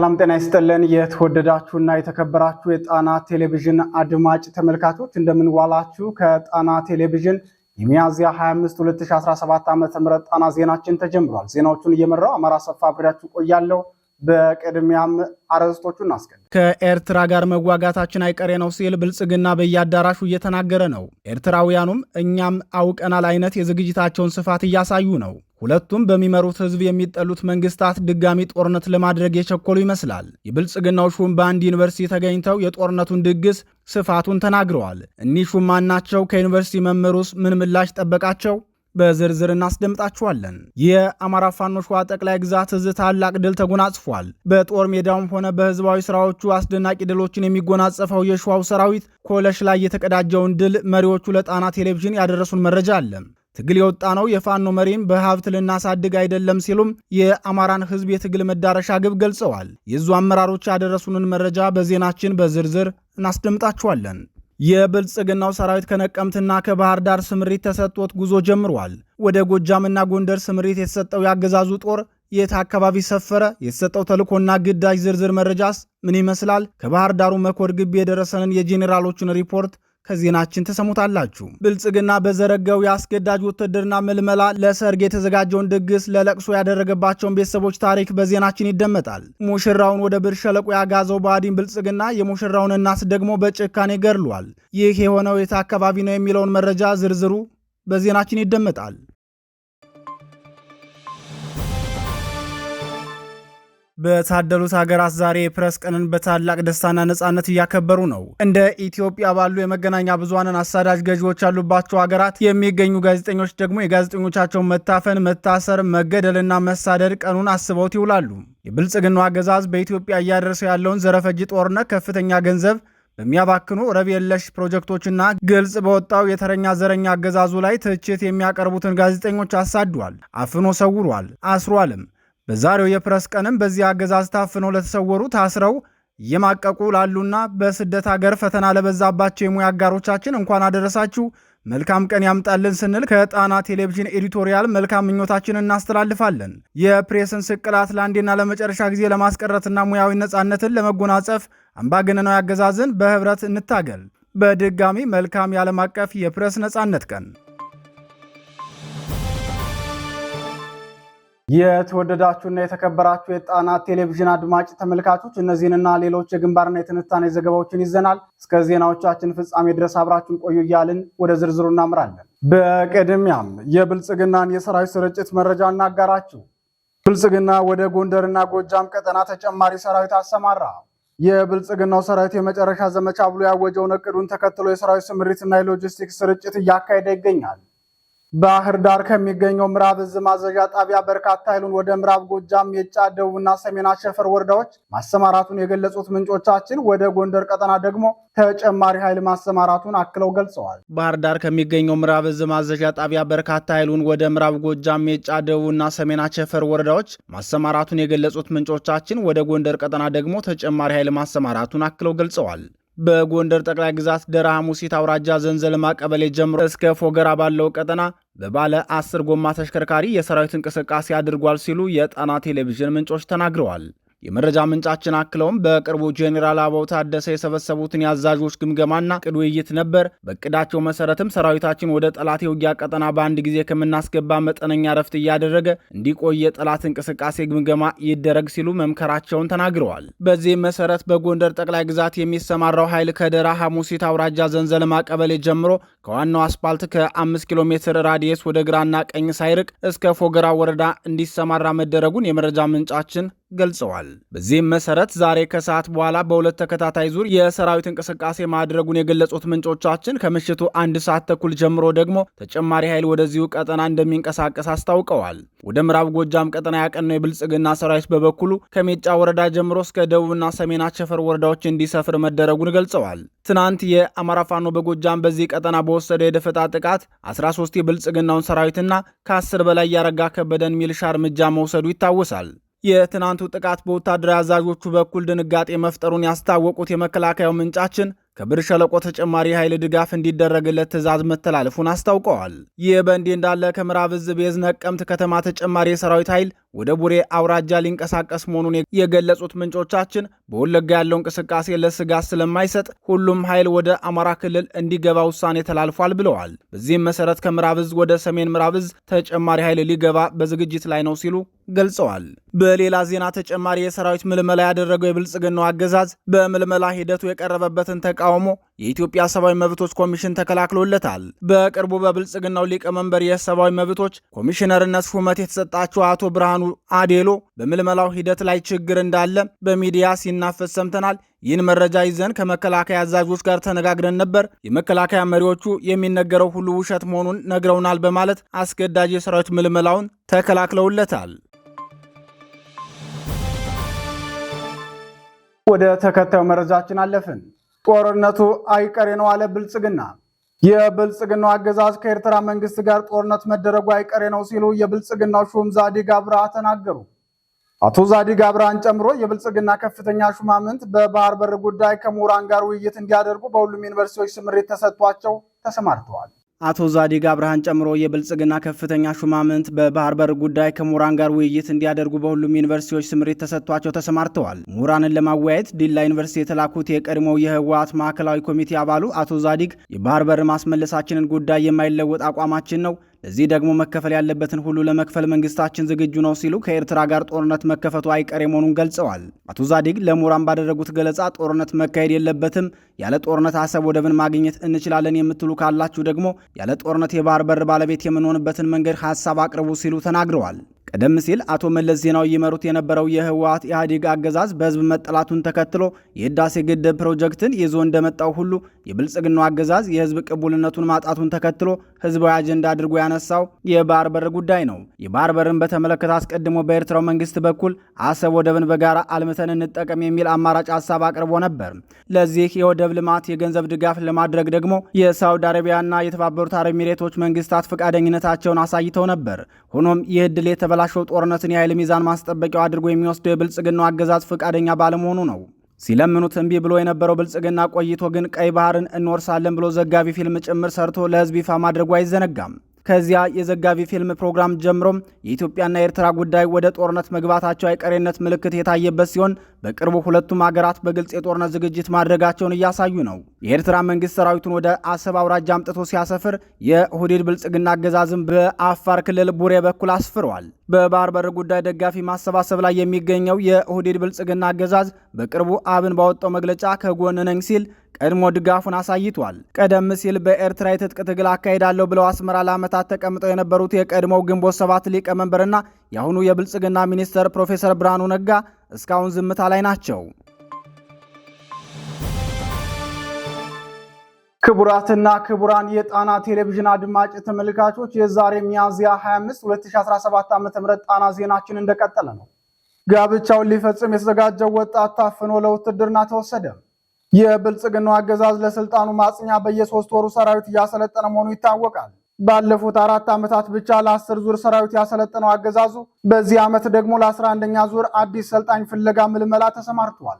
ሰላም ጤና ይስጥልን። የተወደዳችሁና የተከበራችሁ የጣና ቴሌቪዥን አድማጭ ተመልካቾች እንደምንዋላችሁ። ከጣና ቴሌቪዥን የሚያዝያ 25 2017 ዓ.ም ጣና ዜናችን ተጀምሯል። ዜናዎቹን እየመራው አማራ ሰፋ አብሬያችሁ ቆያለሁ። በቅድሚያም አረስቶቹ እናስቀድም። ከኤርትራ ጋር መዋጋታችን አይቀሬ ነው ሲል ብልጽግና በየአዳራሹ እየተናገረ ነው። ኤርትራውያኑም እኛም አውቀናል አይነት የዝግጅታቸውን ስፋት እያሳዩ ነው። ሁለቱም በሚመሩት ህዝብ የሚጠሉት መንግስታት ድጋሚ ጦርነት ለማድረግ የቸኮሉ ይመስላል። የብልጽግናው ሹም በአንድ ዩኒቨርሲቲ ተገኝተው የጦርነቱን ድግስ ስፋቱን ተናግረዋል። እኒህ ሹም ማናቸው? ከዩኒቨርሲቲ መምህሩስ ምን ምላሽ ጠበቃቸው? በዝርዝር እናስደምጣችኋለን። የአማራ ፋኖ ሸዋ ጠቅላይ ግዛት እዝ ታላቅ ድል ተጎናጽፏል። በጦር ሜዳውም ሆነ በህዝባዊ ስራዎቹ አስደናቂ ድሎችን የሚጎናጸፈው የሸዋው ሰራዊት ኮለሽ ላይ የተቀዳጀውን ድል መሪዎቹ ለጣና ቴሌቪዥን ያደረሱን መረጃ አለ። ትግል የወጣ ነው የፋኖ መሪም በሀብት ልናሳድግ አይደለም ሲሉም የአማራን ህዝብ የትግል መዳረሻ ግብ ገልጸዋል። የዙ አመራሮች ያደረሱንን መረጃ በዜናችን በዝርዝር እናስደምጣችኋለን። የብልጽግናው ሰራዊት ከነቀምትና ከባህር ዳር ስምሪት ተሰጥቶት ጉዞ ጀምሯል። ወደ ጎጃምና ጎንደር ስምሪት የተሰጠው የአገዛዙ ጦር የት አካባቢ ሰፈረ? የተሰጠው ተልእኮና ግዳጅ ዝርዝር መረጃስ ምን ይመስላል? ከባህር ዳሩ መኮድ ግቢ የደረሰንን የጄኔራሎቹን ሪፖርት ከዜናችን ተሰሙታላችሁ። ብልጽግና በዘረጋው የአስገዳጅ ውትድርና ምልመላ ለሰርግ የተዘጋጀውን ድግስ ለለቅሶ ያደረገባቸውን ቤተሰቦች ታሪክ በዜናችን ይደመጣል። ሙሽራውን ወደ ብር ሸለቆ ያጋዘው ብአዴን ብልጽግና የሙሽራውን እናት ደግሞ በጭካኔ ገድሏል። ይህ የሆነው የት አካባቢ ነው የሚለውን መረጃ ዝርዝሩ በዜናችን ይደመጣል። በታደሉት ሀገራት ዛሬ የፕረስ ቀንን በታላቅ ደስታና ነጻነት እያከበሩ ነው። እንደ ኢትዮጵያ ባሉ የመገናኛ ብዙሃንን አሳዳጅ ገዢዎች ያሉባቸው ሀገራት የሚገኙ ጋዜጠኞች ደግሞ የጋዜጠኞቻቸውን መታፈን፣ መታሰር፣ መገደልና መሳደድ ቀኑን አስበውት ይውላሉ። የብልጽግናው አገዛዝ በኢትዮጵያ እያደረሰ ያለውን ዘረፈጅ ጦርነት ከፍተኛ ገንዘብ በሚያባክኑ ረብ የለሽ ፕሮጀክቶችና ግልጽ በወጣው የተረኛ ዘረኛ አገዛዙ ላይ ትችት የሚያቀርቡትን ጋዜጠኞች አሳዷል፣ አፍኖ ሰውሯል፣ አስሯልም። በዛሬው የፕረስ ቀንም በዚህ አገዛዝ ታፍነው ለተሰወሩ ታስረው እየማቀቁ ላሉና በስደት ሀገር ፈተና ለበዛባቸው የሙያ አጋሮቻችን እንኳን አደረሳችሁ መልካም ቀን ያምጣልን ስንል ከጣና ቴሌቪዥን ኤዲቶሪያል መልካም ምኞታችን እናስተላልፋለን። የፕሬስን ስቅላት ለአንዴና ለመጨረሻ ጊዜ ለማስቀረትና ሙያዊ ነጻነትን ለመጎናጸፍ አምባገነናዊ አገዛዝን በህብረት እንታገል። በድጋሚ መልካም የዓለም አቀፍ የፕሬስ ነጻነት ቀን የተወደዳችሁና የተከበራችሁ የጣና ቴሌቪዥን አድማጭ ተመልካቾች እነዚህንና ሌሎች የግንባርና የትንታኔ ዘገባዎችን ይዘናል። እስከ ዜናዎቻችን ፍጻሜ ድረስ አብራችሁን ቆዩ እያልን ወደ ዝርዝሩ እናምራለን። በቅድሚያም የብልጽግናን የሰራዊት ስርጭት መረጃ እናጋራችሁ። ብልጽግና ወደ ጎንደርና ጎጃም ቀጠና ተጨማሪ ሰራዊት አሰማራ። የብልጽግናው ሰራዊት የመጨረሻ ዘመቻ ብሎ ያወጀውን እቅዱን ተከትሎ የሰራዊት ስምሪትና የሎጂስቲክስ ስርጭት እያካሄደ ይገኛል። ባህር ዳር ከሚገኘው ምዕራብ እዝ ማዘዣ ጣቢያ በርካታ ኃይሉን ወደ ምዕራብ ጎጃም፣ የጫ፣ ደቡብና ሰሜን አሸፈር ወረዳዎች ማሰማራቱን የገለጹት ምንጮቻችን ወደ ጎንደር ቀጠና ደግሞ ተጨማሪ ኃይል ማሰማራቱን አክለው ገልጸዋል። ባህር ዳር ከሚገኘው ምዕራብ እዝ ማዘዣ ጣቢያ በርካታ ኃይሉን ወደ ምዕራብ ጎጃም፣ የጫ፣ ደቡብና ሰሜን አሸፈር ወረዳዎች ማሰማራቱን የገለጹት ምንጮቻችን ወደ ጎንደር ቀጠና ደግሞ ተጨማሪ ኃይል ማሰማራቱን አክለው ገልጸዋል። በጎንደር ጠቅላይ ግዛት ደራ ሐሙሲት አውራጃ ዘንዘልማ ቀበሌ ጀምሮ እስከ ፎገራ ባለው ቀጠና በባለ አስር ጎማ ተሽከርካሪ የሰራዊት እንቅስቃሴ አድርጓል ሲሉ የጣና ቴሌቪዥን ምንጮች ተናግረዋል። የመረጃ ምንጫችን አክለውም በቅርቡ ጄኔራል አበባው ታደሰ የሰበሰቡትን የአዛዦች ግምገማና ቅድ ውይይት ነበር። በቅዳቸው መሰረትም ሰራዊታችን ወደ ጠላት የውጊያ ቀጠና በአንድ ጊዜ ከምናስገባ መጠነኛ ረፍት እያደረገ እንዲቆይ የጠላት እንቅስቃሴ ግምገማ ይደረግ ሲሉ መምከራቸውን ተናግረዋል። በዚህም መሰረት በጎንደር ጠቅላይ ግዛት የሚሰማራው ኃይል ከደራ ሐሙሲት አውራጃ ዘንዘልማ ቀበሌ ጀምሮ ከዋናው አስፓልት ከ5 ኪሎ ሜትር ራዲየስ ወደ ግራና ቀኝ ሳይርቅ እስከ ፎገራ ወረዳ እንዲሰማራ መደረጉን የመረጃ ምንጫችን ገልጸዋል። በዚህም መሰረት ዛሬ ከሰዓት በኋላ በሁለት ተከታታይ ዙር የሰራዊት እንቅስቃሴ ማድረጉን የገለጹት ምንጮቻችን ከምሽቱ አንድ ሰዓት ተኩል ጀምሮ ደግሞ ተጨማሪ ኃይል ወደዚሁ ቀጠና እንደሚንቀሳቀስ አስታውቀዋል። ወደ ምዕራብ ጎጃም ቀጠና ያቀነው የብልጽግና ሰራዊት በበኩሉ ከሜጫ ወረዳ ጀምሮ እስከ ደቡብና ሰሜን አቸፈር ወረዳዎች እንዲሰፍር መደረጉን ገልጸዋል። ትናንት የአማራ ፋኖ በጎጃም በዚህ ቀጠና በወሰደው የደፈጣ ጥቃት 13 የብልጽግናውን ሰራዊትና ከ10 በላይ ያረጋ ከበደን ሚልሻ እርምጃ መውሰዱ ይታወሳል። የትናንቱ ጥቃት በወታደራዊ አዛዦቹ በኩል ድንጋጤ መፍጠሩን ያስታወቁት የመከላከያው ምንጫችን ከብር ሸለቆ ተጨማሪ ኃይል ድጋፍ እንዲደረግለት ትዕዛዝ መተላለፉን አስታውቀዋል። ይህ በእንዲህ እንዳለ ከምዕራብ ዕዝ ቤዝ ነቀምት ከተማ ተጨማሪ የሰራዊት ኃይል ወደ ቡሬ አውራጃ ሊንቀሳቀስ መሆኑን የገለጹት ምንጮቻችን በወለጋ ያለው እንቅስቃሴ ለስጋት ስለማይሰጥ ሁሉም ኃይል ወደ አማራ ክልል እንዲገባ ውሳኔ ተላልፏል ብለዋል። በዚህም መሰረት ከምዕራብ ዕዝ ወደ ሰሜን ምዕራብ ዕዝ ተጨማሪ ኃይል ሊገባ በዝግጅት ላይ ነው ሲሉ ገልጸዋል። በሌላ ዜና ተጨማሪ የሰራዊት ምልመላ ያደረገው የብልጽግናው አገዛዝ በምልመላ ሂደቱ የቀረበበትን ተቃ ተቃውሞ የኢትዮጵያ ሰብአዊ መብቶች ኮሚሽን ተከላክሎለታል። በቅርቡ በብልጽግናው ሊቀመንበር የሰብአዊ መብቶች ኮሚሽነርነት ሹመት የተሰጣቸው አቶ ብርሃኑ አዴሎ በምልመላው ሂደት ላይ ችግር እንዳለ በሚዲያ ሲናፈስ ሰምተናል። ይህን መረጃ ይዘን ከመከላከያ አዛዦች ጋር ተነጋግረን ነበር። የመከላከያ መሪዎቹ የሚነገረው ሁሉ ውሸት መሆኑን ነግረውናል በማለት አስገዳጅ የሰራዊት ምልመላውን ተከላክለውለታል። ወደ ተከታዩ መረጃችን አለፍን። ጦርነቱ አይቀሬ ነው አለ ብልጽግና። የብልጽግናው አገዛዝ ከኤርትራ መንግስት ጋር ጦርነት መደረጉ አይቀሬ ነው ሲሉ የብልጽግናው ሹም ዛዲግ አብርሃ ተናገሩ። አቶ ዛዲግ አብርሃን ጨምሮ የብልጽግና ከፍተኛ ሹማምንት በባህር በር ጉዳይ ከምሁራን ጋር ውይይት እንዲያደርጉ በሁሉም ዩኒቨርሲቲዎች ስምሪት ተሰጥቷቸው ተሰማርተዋል። አቶ ዛዲግ አብርሃን ጨምሮ የብልጽግና ከፍተኛ ሹማምንት በባህር በር ጉዳይ ከምሁራን ጋር ውይይት እንዲያደርጉ በሁሉም ዩኒቨርሲቲዎች ስምሪት ተሰጥቷቸው ተሰማርተዋል። ምሁራንን ለማወያየት ዲላ ዩኒቨርሲቲ የተላኩት የቀድሞው የህወሓት ማዕከላዊ ኮሚቴ አባሉ አቶ ዛዲግ የባህር በር ማስመለሳችንን ጉዳይ የማይለወጥ አቋማችን ነው ለዚህ ደግሞ መከፈል ያለበትን ሁሉ ለመክፈል መንግስታችን ዝግጁ ነው ሲሉ ከኤርትራ ጋር ጦርነት መከፈቱ አይቀሬ መሆኑን ገልጸዋል። አቶ ዛዲግ ለምሁራን ባደረጉት ገለጻ ጦርነት መካሄድ የለበትም፣ ያለ ጦርነት አሰብ ወደብን ማግኘት እንችላለን የምትሉ ካላችሁ ደግሞ ያለ ጦርነት የባህር በር ባለቤት የምንሆንበትን መንገድ ሀሳብ አቅርቡ ሲሉ ተናግረዋል። ቀደም ሲል አቶ መለስ ዜናዊ ይመሩት የነበረው የህወሀት ኢህአዴግ አገዛዝ በህዝብ መጠላቱን ተከትሎ የህዳሴ ግድብ ፕሮጀክትን ይዞ እንደመጣው ሁሉ የብልጽግናው አገዛዝ የህዝብ ቅቡልነቱን ማጣቱን ተከትሎ ህዝባዊ አጀንዳ አድርጎ ያነሳው የባህር በር ጉዳይ ነው። የባህር በርን በተመለከተ አስቀድሞ በኤርትራው መንግስት በኩል አሰብ ወደብን በጋራ አልምተን እንጠቀም የሚል አማራጭ ሀሳብ አቅርቦ ነበር። ለዚህ የወደብ ልማት የገንዘብ ድጋፍ ለማድረግ ደግሞ የሳውዲ አረቢያና የተባበሩት አረብ ኤሚሬቶች መንግስታት ፈቃደኝነታቸውን አሳይተው ነበር። ሆኖም ይህ ዕድል የተበላሸው ጦርነትን የኃይል ሚዛን ማስጠበቂያው አድርጎ የሚወስደው የብልጽግናው አገዛዝ ፈቃደኛ ባለመሆኑ ነው። ሲለምኑት እምቢ ብሎ የነበረው ብልጽግና ቆይቶ ግን ቀይ ባህርን እንወርሳለን ብሎ ዘጋቢ ፊልም ጭምር ሰርቶ ለህዝብ ይፋ ማድረጉ አይዘነጋም። ከዚያ የዘጋቢ ፊልም ፕሮግራም ጀምሮ የኢትዮጵያና የኤርትራ ጉዳይ ወደ ጦርነት መግባታቸው አይቀሬነት ምልክት የታየበት ሲሆን በቅርቡ ሁለቱም ሀገራት በግልጽ የጦርነት ዝግጅት ማድረጋቸውን እያሳዩ ነው። የኤርትራ መንግስት ሰራዊቱን ወደ አሰብ አውራጃ አምጥቶ ሲያሰፍር፣ የሁዲድ ብልጽግና አገዛዝም በአፋር ክልል ቡሬ በኩል አስፍሯል። በባህር በር ጉዳይ ደጋፊ ማሰባሰብ ላይ የሚገኘው የሁዲድ ብልጽግና አገዛዝ በቅርቡ አብን ባወጣው መግለጫ ከጎን ነኝ ሲል ቀድሞ ድጋፉን አሳይቷል። ቀደም ሲል በኤርትራ የትጥቅ ትግል አካሄዳለሁ ብለው አስመራ ለዓመታት ተቀምጠው የነበሩት የቀድሞው ግንቦት ሰባት ሊቀመንበርና የአሁኑ የብልጽግና ሚኒስተር ፕሮፌሰር ብርሃኑ ነጋ እስካሁን ዝምታ ላይ ናቸው። ክቡራትና ክቡራን የጣና ቴሌቪዥን አድማጭ ተመልካቾች የዛሬ ሚያዝያ 25 2017 ም ጣና ዜናችን እንደቀጠለ ነው። ጋብቻውን ሊፈጽም የተዘጋጀው ወጣት ታፍኖ ለውትድርና ተወሰደ። የብልጽግናው አገዛዝ ለስልጣኑ ማጽኛ በየሶስት ወሩ ሰራዊት እያሰለጠነ መሆኑ ይታወቃል። ባለፉት አራት ዓመታት ብቻ ለአስር ዙር ሰራዊት ያሰለጠነው አገዛዙ በዚህ ዓመት ደግሞ ለአስራ አንደኛ ዙር አዲስ ሰልጣኝ ፍለጋ ምልመላ ተሰማርቷል።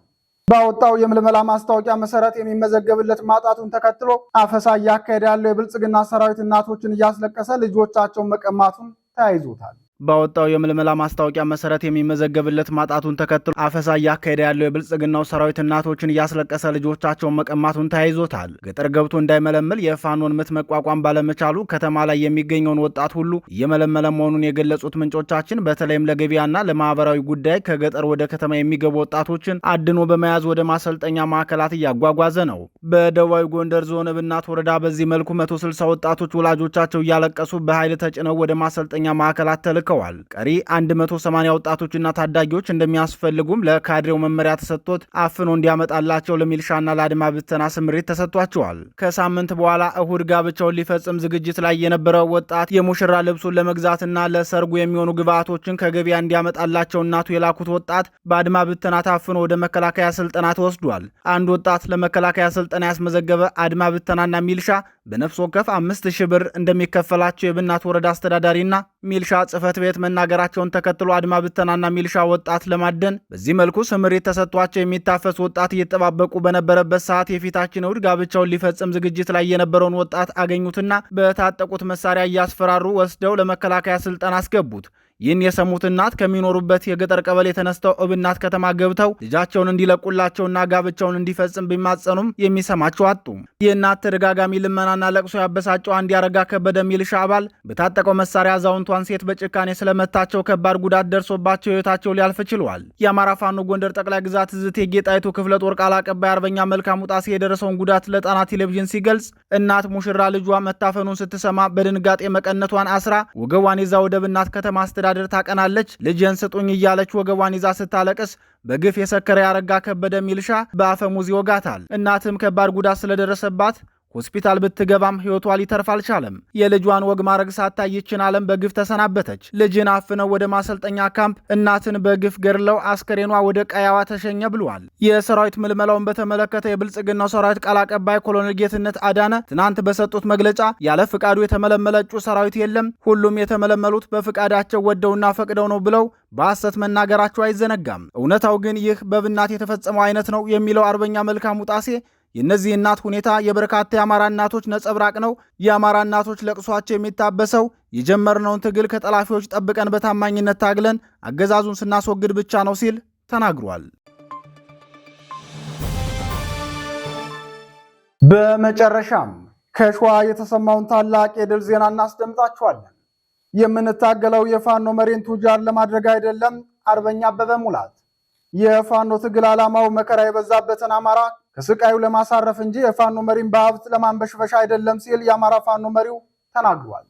ባወጣው የምልመላ ማስታወቂያ መሰረት የሚመዘገብለት ማጣቱን ተከትሎ አፈሳ እያካሄደ ያለው የብልጽግና ሰራዊት እናቶችን እያስለቀሰ ልጆቻቸውን መቀማቱን ተያይዞታል። ባወጣው የምልመላ ማስታወቂያ መሰረት የሚመዘገብለት ማጣቱን ተከትሎ አፈሳ እያካሄደ ያለው የብልጽግናው ሰራዊት እናቶችን እያስለቀሰ ልጆቻቸውን መቀማቱን ተያይዞታል። ገጠር ገብቶ እንዳይመለምል የፋኖን ምት መቋቋም ባለመቻሉ ከተማ ላይ የሚገኘውን ወጣት ሁሉ እየመለመለ መሆኑን የገለጹት ምንጮቻችን በተለይም ለገቢያና ለማህበራዊ ጉዳይ ከገጠር ወደ ከተማ የሚገቡ ወጣቶችን አድኖ በመያዝ ወደ ማሰልጠኛ ማዕከላት እያጓጓዘ ነው። በደቡባዊ ጎንደር ዞን እብናት ወረዳ በዚህ መልኩ 160 ወጣቶች ወላጆቻቸው እያለቀሱ በኃይል ተጭነው ወደ ማሰልጠኛ ማዕከላት ተልክ ተልከዋል። ቀሪ 180 ወጣቶችና ታዳጊዎች እንደሚያስፈልጉም ለካድሬው መመሪያ ተሰጥቶት አፍኖ እንዲያመጣላቸው ለሚልሻና ለአድማ ብተና ስምሪት ተሰጥቷቸዋል። ከሳምንት በኋላ እሁድ ጋብቻውን ሊፈጽም ዝግጅት ላይ የነበረው ወጣት የሙሽራ ልብሱን ለመግዛትና ለሰርጉ የሚሆኑ ግብዓቶችን ከገበያ እንዲያመጣላቸው እናቱ የላኩት ወጣት በአድማ ብተና ታፍኖ ወደ መከላከያ ስልጠና ተወስዷል። አንድ ወጣት ለመከላከያ ስልጠና ያስመዘገበ አድማ ብተናና ሚልሻ በነፍስ ወከፍ አምስት ሺህ ብር እንደሚከፈላቸው የብናት ወረዳ አስተዳዳሪና ሚልሻ ጽህፈት ቤት መናገራቸውን ተከትሎ አድማ ብተናና ሚልሻ ወጣት ለማደን በዚህ መልኩ ስምሪት ተሰጥቷቸው የሚታፈስ ወጣት እየተጠባበቁ በነበረበት ሰዓት የፊታችን እሁድ ጋብቻውን ሊፈጽም ዝግጅት ላይ የነበረውን ወጣት አገኙትና በታጠቁት መሳሪያ እያስፈራሩ ወስደው ለመከላከያ ስልጠና አስገቡት። ይህን የሰሙት እናት ከሚኖሩበት የገጠር ቀበሌ ተነስተው እብናት ከተማ ገብተው ልጃቸውን እንዲለቁላቸውና ጋብቻውን እንዲፈጽም ቢማጸኑም የሚሰማቸው አጡ። የእናት ተደጋጋሚ ልመናና ለቅሶ ያበሳጨው አንድ ያረጋ ከበደ ሚልሻ አባል በታጠቀው መሳሪያ አዛውንቷን ሴት በጭካኔ ስለመታቸው ከባድ ጉዳት ደርሶባቸው ህይወታቸው ሊያልፍ ችሏል። የአማራ ፋኖ ጎንደር ጠቅላይ ግዛት እዝ እቴጌ ክፍለ ጦር ቃል አቀባይ አርበኛ መልካሙ ጣሴ የደረሰውን ጉዳት ለጣና ቴሌቪዥን ሲገልጽ እናት ሙሽራ ልጇ መታፈኑን ስትሰማ በድንጋጤ መቀነቷን አስራ ወገቧን ይዛ ወደ እብናት ከተማ አስተዳደ አስተዳደር ታቀናለች። ልጅን ስጡኝ እያለች ወገቧን ይዛ ስታለቅስ በግፍ የሰከረ ያረጋ ከበደ ሚልሻ በአፈሙዝ ይወጋታል። እናትም ከባድ ጉዳት ስለደረሰባት ሆስፒታል ብትገባም ሕይወቷ ሊተርፍ አልቻለም። የልጇን ወግ ማድረግ ሳታይ ይችን ዓለም በግፍ ተሰናበተች። ልጅን አፍነው ወደ ማሰልጠኛ ካምፕ፣ እናትን በግፍ ገድለው አስከሬኗ ወደ ቀያዋ ተሸኘ ብሏል። የሰራዊት ምልመላውን በተመለከተ የብልጽግናው ሰራዊት ቃል አቀባይ ኮሎኔል ጌትነት አዳነ ትናንት በሰጡት መግለጫ ያለ ፍቃዱ የተመለመለ እጩ ሰራዊት የለም፣ ሁሉም የተመለመሉት በፍቃዳቸው ወደውና ፈቅደው ነው ብለው በሐሰት መናገራቸው አይዘነጋም። እውነታው ግን ይህ በብናት የተፈጸመው አይነት ነው የሚለው አርበኛ መልካሙ ጣሴ የእነዚህ እናት ሁኔታ የበርካታ የአማራ እናቶች ነጸብራቅ ነው። የአማራ እናቶች ለቅሷቸው የሚታበሰው የጀመርነውን ትግል ከጠላፊዎች ጠብቀን በታማኝነት ታግለን አገዛዙን ስናስወግድ ብቻ ነው ሲል ተናግሯል። በመጨረሻም ከሸዋ የተሰማውን ታላቅ የድል ዜና እናስደምጣችኋለን። የምንታገለው የፋኖ መሪን ቱጃር ለማድረግ አይደለም። አርበኛ አበበ ሙላት የፋኖ ትግል ዓላማው መከራ የበዛበትን አማራ ከስቃዩ ለማሳረፍ እንጂ የፋኖ መሪን በሀብት ለማንበሽበሻ አይደለም ሲል የአማራ ፋኖ መሪው ተናግሯል።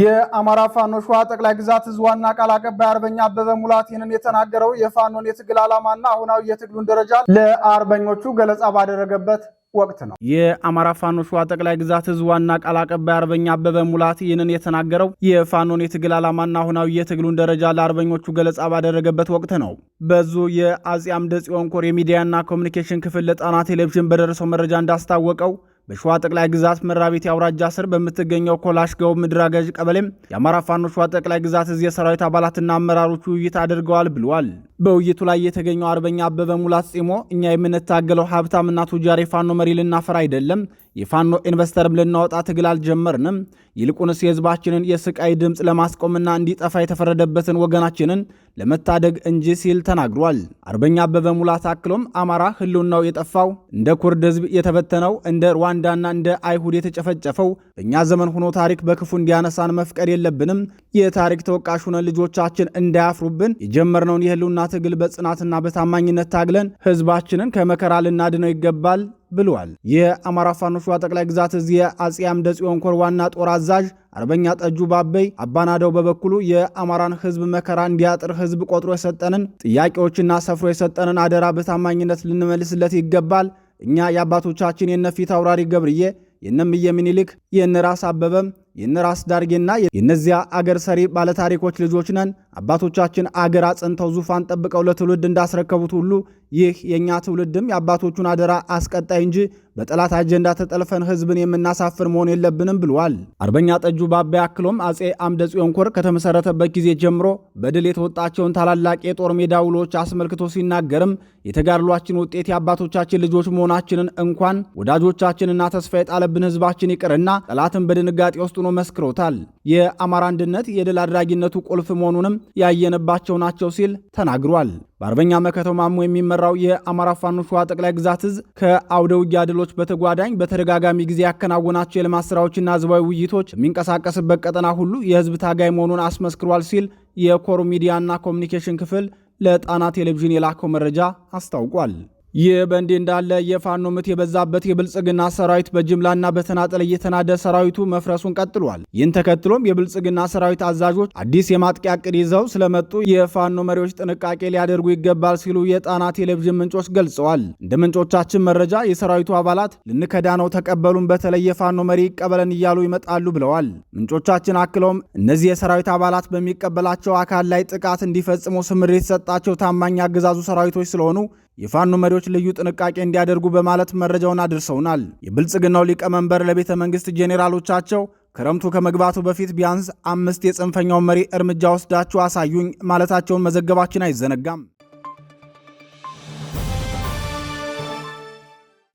የአማራ ፋኖ ሸዋ ጠቅላይ ግዛት እዝ ዋና ቃል አቀባይ አርበኛ አበበ ሙላት ይህንን የተናገረው የፋኖን የትግል ዓላማና አሁናዊ የትግሉን ደረጃ ለአርበኞቹ ገለጻ ባደረገበት ወቅት ነው። የአማራ ፋኖ ሸዋ ጠቅላይ ግዛት እዝ ዋና ቃል አቀባይ አርበኛ አበበ ሙላት ይህንን የተናገረው የፋኖን የትግል ዓላማና አሁናዊ የትግሉን ደረጃ ለአርበኞቹ ገለጻ ባደረገበት ወቅት ነው። በዙ የአጼ አምደ ጽዮን ኮር የሚዲያና ኮሚኒኬሽን ክፍል ለጣና ቴሌቪዥን በደረሰው መረጃ እንዳስታወቀው በሸዋ ጠቅላይ ግዛት መራቤት አውራጃ ስር በምትገኘው ኮላሽ ገው ምድር አጋዥ ቀበሌም የአማራ ፋኖ ሸዋ ጠቅላይ ግዛት እዚህ የሰራዊት አባላትና አመራሮች ውይይት አድርገዋል ብለዋል። በውይይቱ ላይ የተገኘው አርበኛ አበበ ሙላት ጺሞ እኛ የምንታገለው ሀብታምና ቱጃር የፋኖ መሪ ልናፈር አይደለም የፋኖ ኢንቨስተርም ልናወጣ ትግል አልጀመርንም። ይልቁንስ የህዝባችንን የስቃይ ድምፅ ለማስቆምና እንዲጠፋ የተፈረደበትን ወገናችንን ለመታደግ እንጂ ሲል ተናግሯል። አርበኛ አበበ ሙላት አክሎም አማራ ህልውናው የጠፋው እንደ ኩርድ ህዝብ የተበተነው እንደ ሩዋንዳና እንደ አይሁድ የተጨፈጨፈው በእኛ ዘመን ሆኖ ታሪክ በክፉ እንዲያነሳን መፍቀድ የለብንም። የታሪክ ተወቃሽ ሆነን ልጆቻችን እንዳያፍሩብን የጀመርነውን የህልውና ትግል በጽናትና በታማኝነት ታግለን ህዝባችንን ከመከራ ልናድነው ይገባል ብለዋል። የአማራ ፋኖ ሸዋ ጠቅላይ ግዛት እዝ የአጼ አምደ ጽዮን ኮር ዋና ጦር አዛዥ አርበኛ ጠጁ ባበይ አባናደው በበኩሉ የአማራን ህዝብ መከራ እንዲያጥር ህዝብ ቆጥሮ የሰጠንን ጥያቄዎችና ሰፍሮ የሰጠንን አደራ በታማኝነት ልንመልስለት ይገባል። እኛ የአባቶቻችን የነፊት አውራሪ ገብርዬ የነምየ ምኒልክ የነ አበበም የነ ራስ ዳርጌና የነዚያ አገር ሰሪ ባለታሪኮች ልጆች ነን። አባቶቻችን አገር አጽንተው ዙፋን ጠብቀው ለትውልድ እንዳስረከቡት ሁሉ ይህ የእኛ ትውልድም የአባቶቹን አደራ አስቀጣይ እንጂ በጠላት አጀንዳ ተጠልፈን ህዝብን የምናሳፍር መሆን የለብንም ብለዋል። አርበኛ ጠጁ ባባ አክሎም አጼ አምደ ጽዮን ኮር ከተመሰረተበት ጊዜ ጀምሮ በድል የተወጣቸውን ታላላቅ የጦር ሜዳ ውሎች አስመልክቶ ሲናገርም የተጋድሏችን ውጤት የአባቶቻችን ልጆች መሆናችንን እንኳን ወዳጆቻችንና ተስፋ የጣለብን ህዝባችን ይቅርና ጠላትን በድንጋጤ ውስጥ ሆኖ መስክሮታል። የአማራ አንድነት የድል አድራጊነቱ ቁልፍ መሆኑንም ያየነባቸው ናቸው ሲል ተናግሯል። በአርበኛ መከተው ማሞ የሚመራው የአማራ ፋኖ ሸዋ ጠቅላይ ግዛት እዝ ከአውደ ውጊያ ድሎች በተጓዳኝ በተደጋጋሚ ጊዜ ያከናወናቸው የልማት ስራዎችና ህዝባዊ ውይይቶች የሚንቀሳቀስበት ቀጠና ሁሉ የህዝብ ታጋይ መሆኑን አስመስክሯል ሲል የኮሩ ሚዲያና ኮሚኒኬሽን ክፍል ለጣና ቴሌቪዥን የላከው መረጃ አስታውቋል። ይህ በእንዲህ እንዳለ የፋኖ ምት የበዛበት የብልጽግና ሰራዊት በጅምላና በተናጠል እየተናደ ሰራዊቱ መፍረሱን ቀጥሏል። ይህን ተከትሎም የብልጽግና ሰራዊት አዛዦች አዲስ የማጥቂያ ቅድ ይዘው ስለመጡ የፋኖ መሪዎች ጥንቃቄ ሊያደርጉ ይገባል ሲሉ የጣና ቴሌቪዥን ምንጮች ገልጸዋል። እንደ ምንጮቻችን መረጃ የሰራዊቱ አባላት ልንከዳ ነው፣ ተቀበሉን፣ በተለይ የፋኖ መሪ ይቀበለን እያሉ ይመጣሉ ብለዋል። ምንጮቻችን አክለውም እነዚህ የሰራዊት አባላት በሚቀበላቸው አካል ላይ ጥቃት እንዲፈጽሙ ስምሪት የተሰጣቸው ታማኝ አገዛዙ ሰራዊቶች ስለሆኑ የፋኖ መሪዎች ልዩ ጥንቃቄ እንዲያደርጉ በማለት መረጃውን አድርሰውናል። የብልጽግናው ሊቀመንበር ለቤተ መንግስት ጄኔራሎቻቸው ክረምቱ ከመግባቱ በፊት ቢያንስ አምስት የጽንፈኛውን መሪ እርምጃ ወስዳችሁ አሳዩኝ ማለታቸውን መዘገባችን አይዘነጋም።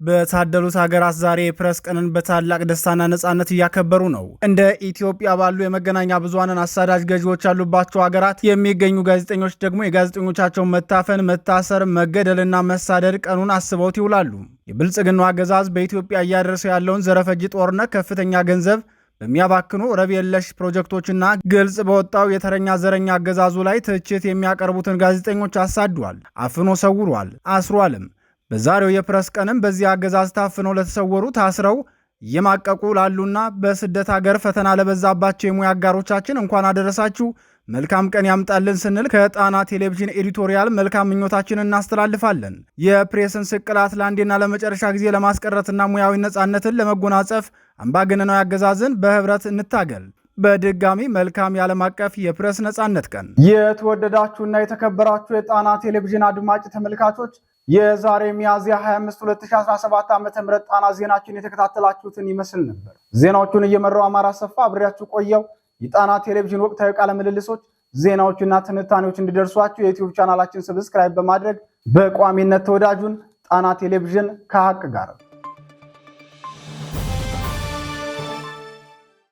በታደሉት ሀገራት ዛሬ የፕረስ ቀንን በታላቅ ደስታና ነጻነት እያከበሩ ነው። እንደ ኢትዮጵያ ባሉ የመገናኛ ብዙንን አሳዳጅ ገዢዎች ያሉባቸው ሀገራት የሚገኙ ጋዜጠኞች ደግሞ የጋዜጠኞቻቸውን መታፈን፣ መታሰር፣ መገደልና መሳደድ ቀኑን አስበውት ይውላሉ። የብልጽግናው አገዛዝ በኢትዮጵያ እያደረሰ ያለውን ዘረፈጅ ጦርነት ከፍተኛ ገንዘብ በሚያባክኑ ረብ የለሽ ፕሮጀክቶችና ግልጽ በወጣው የተረኛ ዘረኛ አገዛዙ ላይ ትችት የሚያቀርቡትን ጋዜጠኞች አሳዷል፣ አፍኖ ሰውሯል፣ አስሯልም። በዛሬው የፕረስ ቀንም በዚህ አገዛዝ ታፍነው ለተሰወሩ ታስረው እየማቀቁ ላሉና በስደት ሀገር ፈተና ለበዛባቸው የሙያ አጋሮቻችን እንኳን አደረሳችሁ መልካም ቀን ያምጣልን ስንል ከጣና ቴሌቪዥን ኤዲቶሪያል መልካም ምኞታችን እናስተላልፋለን። የፕሬስን ስቅላት ለአንዴና ለመጨረሻ ጊዜ ለማስቀረትና ሙያዊ ነጻነትን ለመጎናጸፍ አምባገነናዊ አገዛዝን በህብረት እንታገል። በድጋሚ መልካም የዓለም አቀፍ የፕሬስ ነጻነት ቀን። የተወደዳችሁና የተከበራችሁ የጣና ቴሌቪዥን አድማጭ ተመልካቾች የዛሬ ሚያዝያ 25 2017 ዓ.ም ጣና ዜናችን የተከታተላችሁትን ይመስል ነበር። ዜናዎቹን እየመራው አማራ ሰፋ አብሬያችሁ ቆየው። የጣና ቴሌቪዥን ወቅታዊ ቃለ ምልልሶች፣ ዜናዎችና ትንታኔዎች እንዲደርሷችሁ የዩቲዩብ ቻናላችን ሰብስክራይብ በማድረግ በቋሚነት ተወዳጁን ጣና ቴሌቪዥን ከሀቅ ጋር